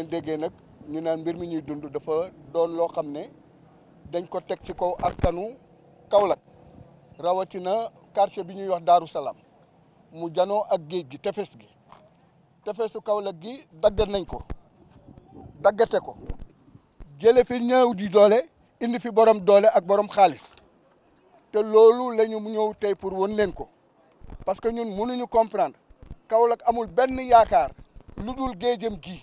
ngeen déggee nag ñu naan mbir mi ñuy dund dafa doon loo xam ne dañ ko teg ci ak kanu Kaolack rawatina quartier bi ñuy wax Daaru Salaam mu janoo ak géej gi tefes gi tefesu Kaolack gi daggat nañ ko daggate ko jële fi ñëw di doole indi fi borom doole ak borom xaalis te loolu la ñu ñëw tey pour won leen ko parce que ñun mënuñu comprendre Kaolack amul benn yaakaar lu dul géejam gi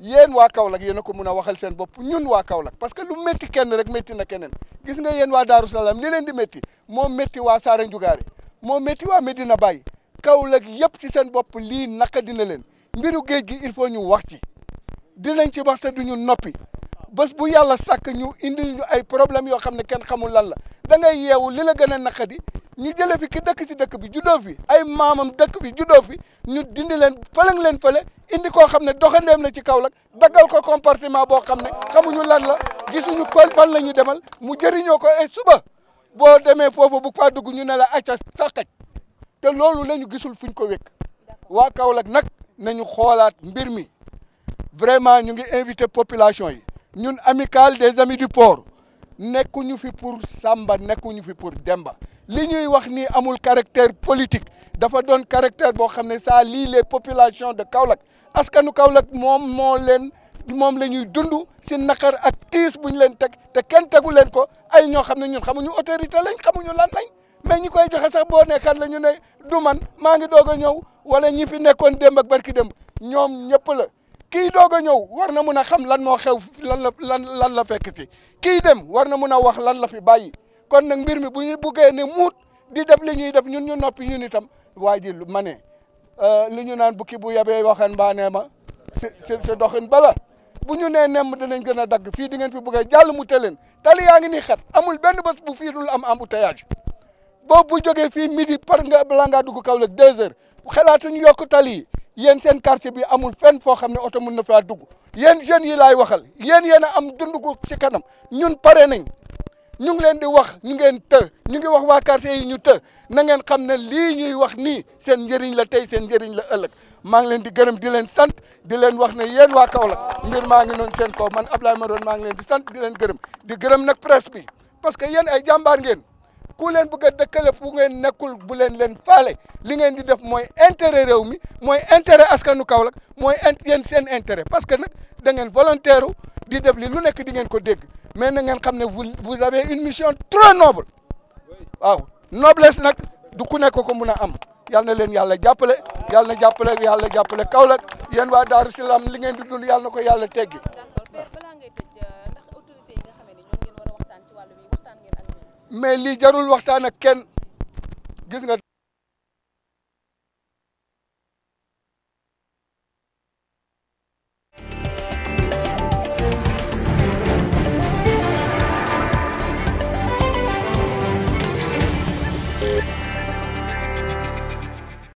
yéen waa Kaolack yéen a ko mun a waxal seen bopp ñun waa Kaolack parce que lu métti kenn rek métti na keneen gis nga yéen waa Daaru Salaam li leen di métti moo métti waa Saara Njugaare moo métti waa Medina Baye Kaolack yëpp ci seen bopp lii naka dina leen mbiru géej gi il faut ñu wax ci dinañ ci wax te duñu noppi bés bu yàlla sàkk ñu indil ay problème yoo xam ne kenn xamul lan la da ngay yeewu li la gën a naqadi ñu jëlee fi ki dëkk si dëkk bi judo fi ay maamam dëkk fi juddoo fi ñu dindi leen fëlang leen fële indi koo xam ne doxandeem la ci Kaolack dagal ko comportement boo xam ne xamuñu lan la gisuñu kon fan la ñu demal mu jëriñoo ko et suba boo demee foofu bu faa dugg ñu ne la acca saxaj te loolu la ñu gisul fuñ ko wékk waa Kaolack nag nañu xoolaat mbir mi vraiment ñu ngi invité population yi ñun amicale des amis du port nekkuñu fi pour Samba nekkuñu fi pour Demba li ñuy wax ni amul caractère politique dafa doon caractère boo xam ne saa lii les populations de Kaolack askanu Kaolack moom moo leen moom la ñuy dund si naqar ak tiis bu ñu leen teg te kenn tegu leen ko ay ñoo xam ne ñun xamuñu autorité lañ xamuñu lan lañ mais ñi koy joxe sax boo nekkan la ñu ne du man maa ngi doog a ñëw wala ñi fi nekkoon démb ak barki dem ñoom ñëpp la kii doog a ñëw war na mun a xam lan moo xew lan la lan lan la fekk si kii dem war na mun a wax lan la fi bàyyi kon nag mbir mi bu ñu buggee ne muut di def li ñuy def ñun ñu noppi ñun itam waa ji ma ne euh, li ñu naan bukki bu yebee waxeen mbaa nee ma si si si doxin bala bu ñu nee nemm danañ gën a dagg fii di ngeen fi buggee jàll mu teleen tali yaa ngi nii xat amul benn bés bu fii dul am embouteillage boobu bu jógee fii midi par nga balaa ngaa dugg Kaolack deux heures xalaatuñu yokk tali yi yéen seen quartier bi amul fenn foo xam ne oto mun na faa dugg yéen jeunes yi laay waxal yéen yéen a am dund si kanam ñun pare nañ ñu ngi leen di wax ñu ngeen te ñu ngi wax wa quartier yi ñu te na ngeen xam ne lii ñuy wax nii seen njëriñ la tey seen njëriñ la ëllëg maa ngi leen di gërëm di leen sant di leen wax ne yéen waa Kaolack mbir maa ngi noonu seen kaw man Ablaye Madone maa ngi leen di sant di leen gërëm di gërëm nag presse bi parce que yéen ay jàmbaar ngeen ku leen bëgg a dëkkale fu ngeen nekkul bu leen leen faale li ngeen di def mooy intérêt réew mi mooy intérêt askanu Kaolack mooy yéen seen intérêt parce que nag da ngeen volontaire di def li lu nekk di ngeen ko dégg mais na ngeen xam ne vous vous avez une mission très noble waaw noblesse nag du ku nekk ko mun a am yàlla na leen yàlla jàppale yàlla na jàppale yàlla jàppale Kaolack yéen waa Darou Salam li ngeen di dund yàlla na ko yàlla teggi. Euh, mais lii jarul waxtaan ak kenn gis